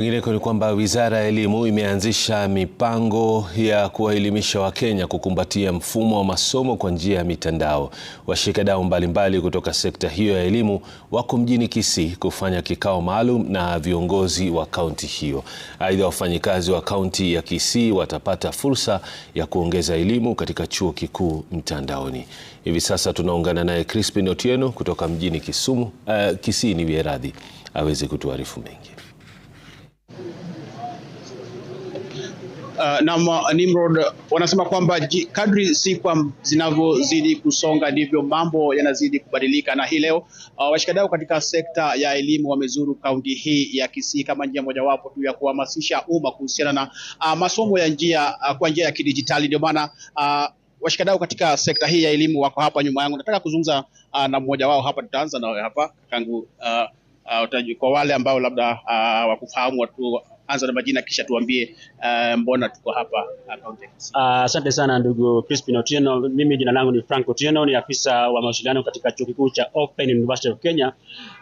Kwingineko ni kwamba wizara ya elimu imeanzisha mipango ya kuwaelimisha Wakenya kukumbatia mfumo wa masomo kwa njia ya mitandao. Washikadau mbalimbali kutoka sekta hiyo ya elimu wako mjini Kisii kufanya kikao maalum na viongozi wa kaunti hiyo. Aidha, wafanyikazi wa kaunti ya Kisii watapata fursa ya kuongeza elimu katika chuo kikuu mtandaoni. Hivi sasa tunaungana naye Crispin Otieno kutoka mjini Kisumu, uh, Kisii ni wieradhi aweze kutuarifu mengi. uh, na Nimrod wanasema kwamba kadri siku kwa zinavyozidi kusonga ndivyo mambo yanazidi kubadilika, na hii leo uh, eh, washikadau katika sekta ya elimu wamezuru kaunti hii ya Kisii kama njia mojawapo tu ya kuhamasisha umma kuhusiana na uh, masomo ya njia uh, kwa njia ya kidijitali. Ndio maana uh, washikadau katika sekta hii ya elimu wako hapa nyuma yangu. Nataka kuzungumza uh, na mmoja wao hapa, tutaanza nawe hapa kangu uh, uh, kwa wale ambao labda uh, wakufahamu watu anza na majina kisha tuambie uh, mbona tuko hapa ah, Asante uh, sana ndugu Crispin Otieno. Mimi jina langu ni Frank Otieno, ni afisa wa mawasiliano katika Chuo Kikuu cha Open University of Kenya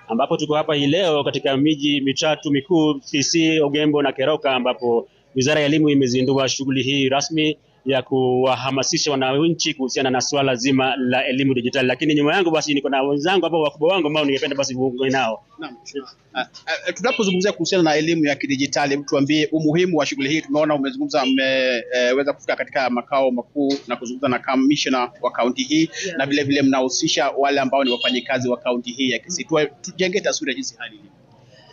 ambapo tuko hapa hii leo katika miji mitatu mikuu Kisii, Ogembo na Keroka ambapo Wizara ya Elimu imezindua shughuli hii rasmi ya kuwahamasisha wananchi kuhusiana na swala zima la elimu dijitali, lakini nyuma yangu basi niko na wenzangu hapo wakubwa wangu ambao ningependa basi kuongea nao. Naam, ah, eh, tunapozungumzia kuhusiana na elimu ya kidijitali, tuambie umuhimu wa shughuli hii. Tumeona umezungumza, mmeweza eh, kufika katika makao makuu na kuzungumza na kamishna wa kaunti hii yeah, na vile vile mnahusisha wale ambao ni wafanyikazi wa kaunti hii ya Kisii. Tujenge taswira jinsi hali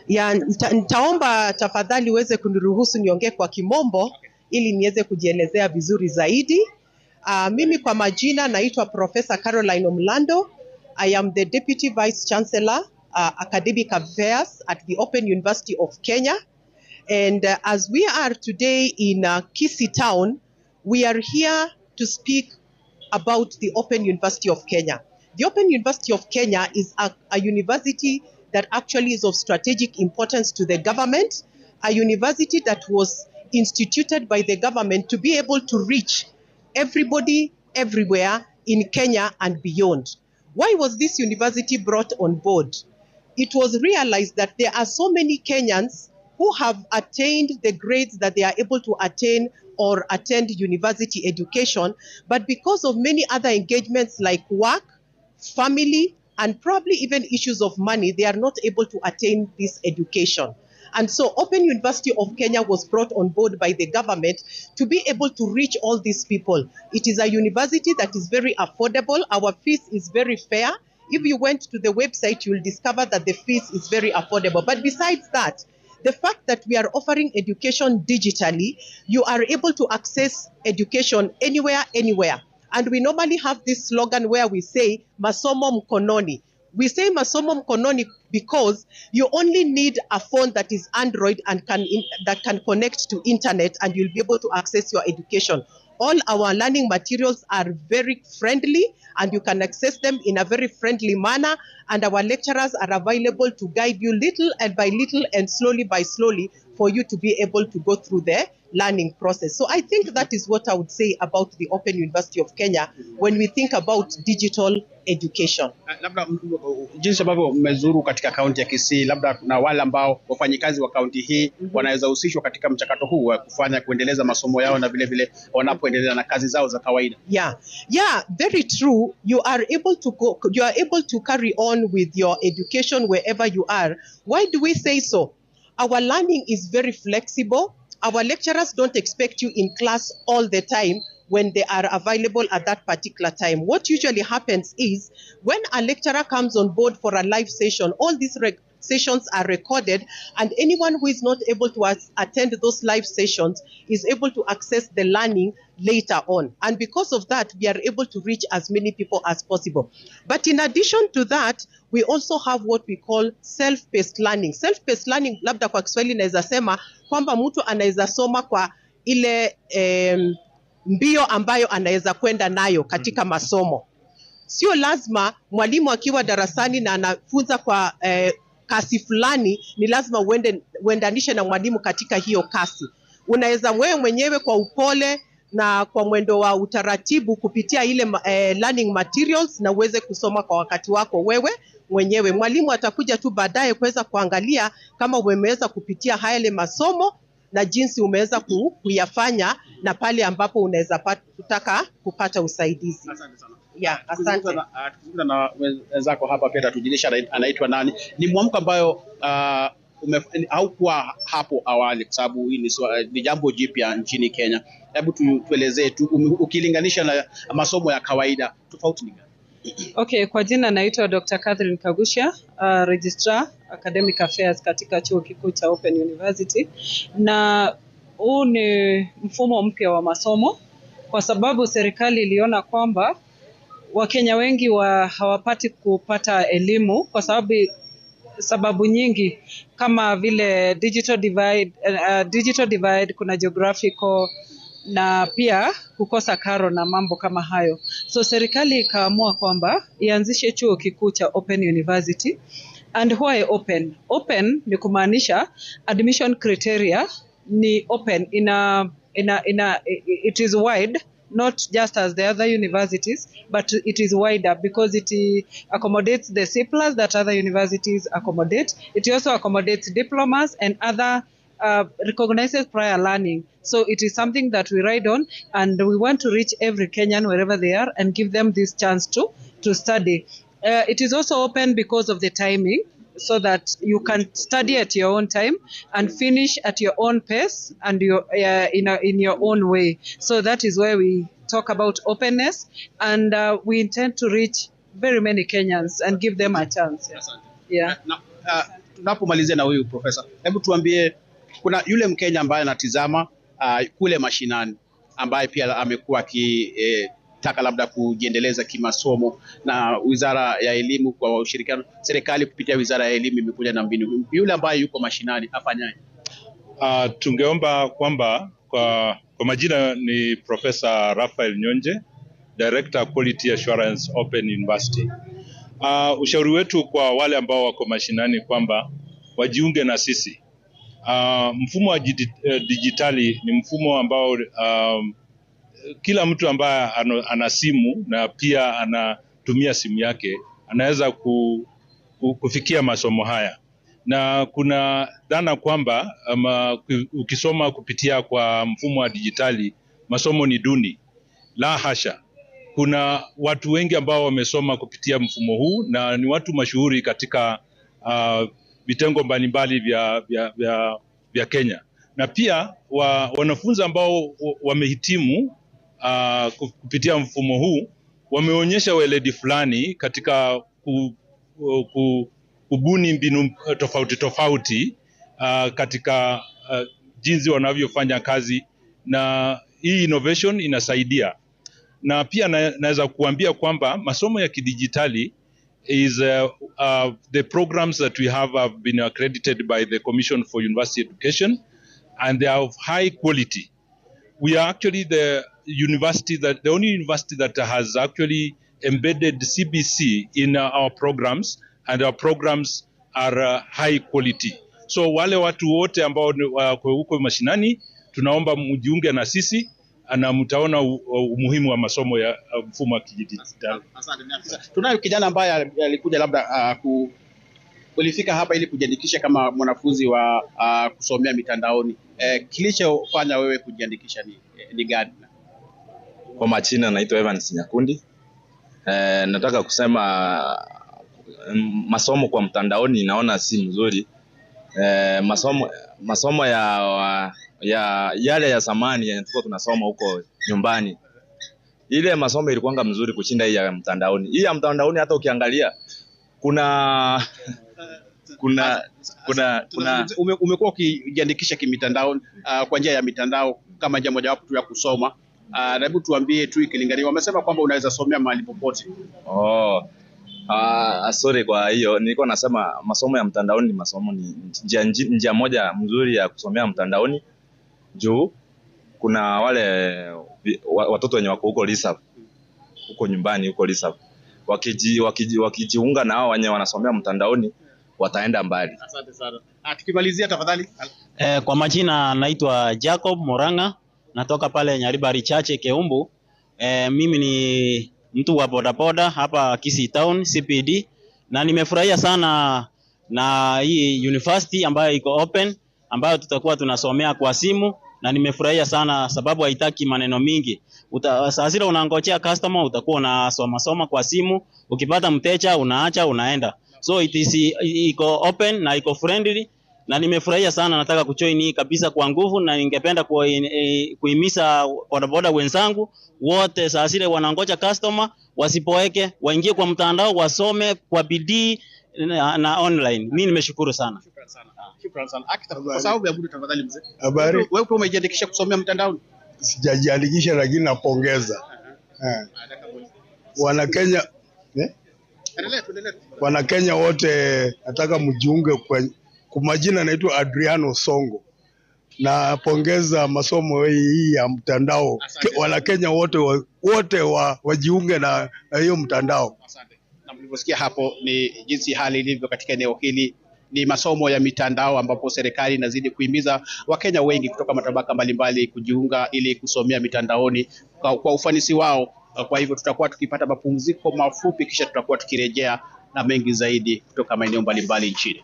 Ya, nitaomba tafadhali uweze kuniruhusu niongee kwa kimombo. ili niweze kujielezea vizuri zaidi. Uh, mimi kwa majina naitwa Professor Caroline Omlando. I am the Deputy Vice Chancellor uh, Academic Affairs at the Open University of Kenya. And uh, as we are today in uh, Kisii Town, we are here to speak about the Open University of Kenya. The Open University of Kenya is a, a university that actually is of strategic importance to the government, a university that was instituted by the government to be able to reach everybody everywhere in Kenya and beyond. Why was this university brought on board? It was realized that there are so many Kenyans who have attained the grades that they are able to attain or attend university education, but because of many other engagements like work, family, and probably even issues of money, they are not able to attain this education. And so Open University of Kenya was brought on board by the government to be able to reach all these people. It is a university that is very affordable. Our fees is very fair. If you went to the website, you'll discover that the fees is very affordable. But besides that, the fact that we are offering education digitally, you are able to access education anywhere, anywhere. And we normally have this slogan where we say, Masomo Mkononi, we say masomo mkononi because you only need a phone that is Android and can in, that can connect to internet and you'll be able to access your education. All our learning materials are very friendly and you can access them in a very friendly manner and our lecturers are available to guide you little and by little and slowly by slowly for you to be able to go through the learning process. So I think that is what I would say about the Open University of Kenya when we think about digital education. Labda jinsi ambavyo mmezuru katika kaunti ya Kisii, labda na wale ambao wafanyikazi wa kaunti hii mm wanaweza husishwa katika mchakato huu wa kufanya kuendeleza masomo yao na vile vile wanapoendelea na kazi zao za kawaida. Yeah. Yeah, very true. You are able to go, you are able to carry on with your education wherever you are. Why do we say so? Our learning is very flexible. Our lecturers don't expect you in class all the time when they are available at that particular time. What usually happens is when a lecturer comes on board for a live session, all these sessions are recorded, and anyone who is not able to as- attend those live sessions is able to access the learning later on. And because of that, we are able to reach as many people as possible. But in addition to that, we also have what we call self-paced learning. Self-paced learning, labda kwa Kiswahili naweza sema kwamba mtu anaweza soma kwa ile um, mbio ambayo anaweza kwenda nayo katika masomo. Sio lazima mwalimu akiwa darasani na anafunza kwa eh, kasi fulani, ni lazima uende uendanishe na mwalimu katika hiyo kasi. Unaweza wewe mwenyewe kwa upole na kwa mwendo wa utaratibu kupitia ile eh, learning materials na uweze kusoma kwa wakati wako wewe mwenyewe. Mwalimu atakuja tu baadaye kuweza kuangalia kama umeweza kupitia haya masomo na jinsi umeweza kuyafanya na pale ambapo unaweza kutaka kupata usaidizi. Asante sana. Yeah, asante. Ah, na wenzako hapa pia tatujulisha anaitwa nani. Ni mwamko ambayo uh, haukuwa hapo awali kwa sababu hii ni jambo jipya nchini Kenya. Hebu tuelezee tu ukilinganisha na masomo ya kawaida tofauti ni gani? Okay, kwa jina naitwa Dr. Catherine Kagusha, uh, ah, registrar academic affairs katika chuo kikuu cha Open University na huu ni mfumo mpya wa masomo kwa sababu serikali iliona kwamba Wakenya wengi wa hawapati kupata elimu kwa sababu sababu nyingi kama vile digital divide, uh, digital divide, kuna geographical na pia kukosa karo na mambo kama hayo. So serikali ikaamua kwamba ianzishe chuo kikuu cha Open University. And why open? Open ni kumaanisha admission criteria ni open in a in a in a it is wide not just as the other universities but it is wider because it accommodates the C plus that other universities accommodate it also accommodates diplomas and other uh, recognizes prior learning. So it is something that we ride on, and we want to reach every Kenyan wherever they are and give them this chance to to study. Uh, it is also open because of the timing. so that you can study at your own time and finish at your own pace and your, uh, in, a, in your own way. So that is where we talk about openness and uh, we intend to reach very many Kenyans and give them a chance. Yeah. Yeah. Na, uh, huyu profesa, hebu tuambie, kuna yule Mkenya ambaye anatizama uh, kule mashinani ambaye pia amekuwa aki eh, wanataka labda kujiendeleza kimasomo, na wizara ya elimu kwa ushirikiano, serikali kupitia wizara ya elimu imekuja na mbinu. Yule ambaye yuko mashinani afanyaje? Uh, tungeomba kwamba kwa, kwa majina ni Profesa rafael Nyonje, Director Quality Assurance Open University. Uh, ushauri wetu kwa wale ambao wako mashinani kwamba wajiunge na sisi. Uh, mfumo wa digitali eh, ni mfumo ambao um, kila mtu ambaye ana simu na pia anatumia simu yake anaweza ku, ku, kufikia masomo haya, na kuna dhana kwamba ama, ukisoma kupitia kwa mfumo wa dijitali masomo ni duni. La hasha, kuna watu wengi ambao wamesoma kupitia mfumo huu na ni watu mashuhuri katika uh, vitengo mbalimbali vya, vya, vya, vya Kenya na pia wa, wanafunzi ambao wamehitimu uh, kupitia mfumo huu wameonyesha weledi fulani katika ku, ku, kubuni mbinu tofauti tofauti uh, katika uh, jinsi wanavyofanya kazi, na hii innovation inasaidia na pia na, naweza kuambia kwamba masomo ya kidijitali is uh, uh, the programs that we have have been accredited by the Commission for University Education and they are of high quality we are actually the university that the only university that has actually embedded CBC in uh, our programs and our programs are uh, high quality. So wale watu wote ambao uh, wako huko mashinani, tunaomba mjiunge na sisi na mtaona umuhimu wa masomo ya uh, mfumo wa kidijitali. Asante. Tunayo kijana ambaye alikuja labda uh, ku ulifika hapa ili kujiandikisha kama mwanafunzi wa uh, kusomea mitandaoni eh, kilichofanya wewe kujiandikisha ni, eh, ni gani? Kwa majina naitwa Evans Nyakundi. Eh, nataka kusema mm, masomo kwa mtandaoni naona si mzuri. Eh, masomo masomo ya ya yale ya zamani yenye tulikuwa tunasoma huko nyumbani, ile masomo ilikuwanga mzuri kushinda hii ya mtandaoni. Hii ya mtandaoni hata ukiangalia kuna kuna kuna kuna umekuwa ukijiandikisha kimitandao uh, kwa njia ya mitandao kama njia mojawapo tu ya kusoma uh, hebu tuambie tu ikilinganiwa, wamesema kwamba unaweza somea mahali popote. Oh. Uh, sorry kwa hiyo nilikuwa nasema masomo ya mtandaoni masomo ni njia, njia moja mzuri ya kusomea mtandaoni juu kuna wale watoto wenye wako huko Lisab huko nyumbani huko Lisab wakijiunga wakiji, waki na hao wenye wanasomea mtandaoni wataenda mbali. Asante sana. Ah, tukimalizia tafadhali. E, kwa majina naitwa Jacob Moranga natoka pale Nyaribari Chache Keumbu. E, mimi ni mtu wa bodaboda hapa Kisii Town CPD na nimefurahia sana na hii university ambayo iko open ambayo tutakuwa tunasomea kwa simu na nimefurahia sana sababu haitaki maneno mingi. Saa zile unangojea customer, utakuwa unasoma soma kwa simu, ukipata mteja unaacha unaenda so it is iko open na iko friendly na nimefurahia sana, nataka kuchoin hii kabisa kwa nguvu, na ningependa eh, kuhimiza bodaboda wenzangu wote saa zile wanangoja customer wasipoeke, waingie kwa mtandao, wasome kwa bidii na, na online. Mimi nimeshukuru sana. Shukrani sana. kwa sababu ya muda, tafadhali Habari. Wewe upo umejiandikisha kusomea mtandaoni? Sijajiandikisha lakini napongeza. Uh -huh. Eh. Wana Kenya eh? Wanakenya wote nataka mjiunge kwa kumajina, naitwa Adriano Songo. Napongeza masomo hii ya mtandao. Wanakenya wote wote wa, wajiunge na hiyo mtandao. Asante. Na mlivyosikia hapo ni jinsi hali ilivyo katika eneo hili ni masomo ya mitandao ambapo serikali inazidi kuhimiza Wakenya wengi kutoka matabaka mbalimbali kujiunga ili kusomea mitandaoni kwa, kwa ufanisi wao Uh, kwa hivyo tutakuwa tukipata mapumziko mafupi, kisha tutakuwa tukirejea na mengi zaidi kutoka maeneo mbalimbali nchini.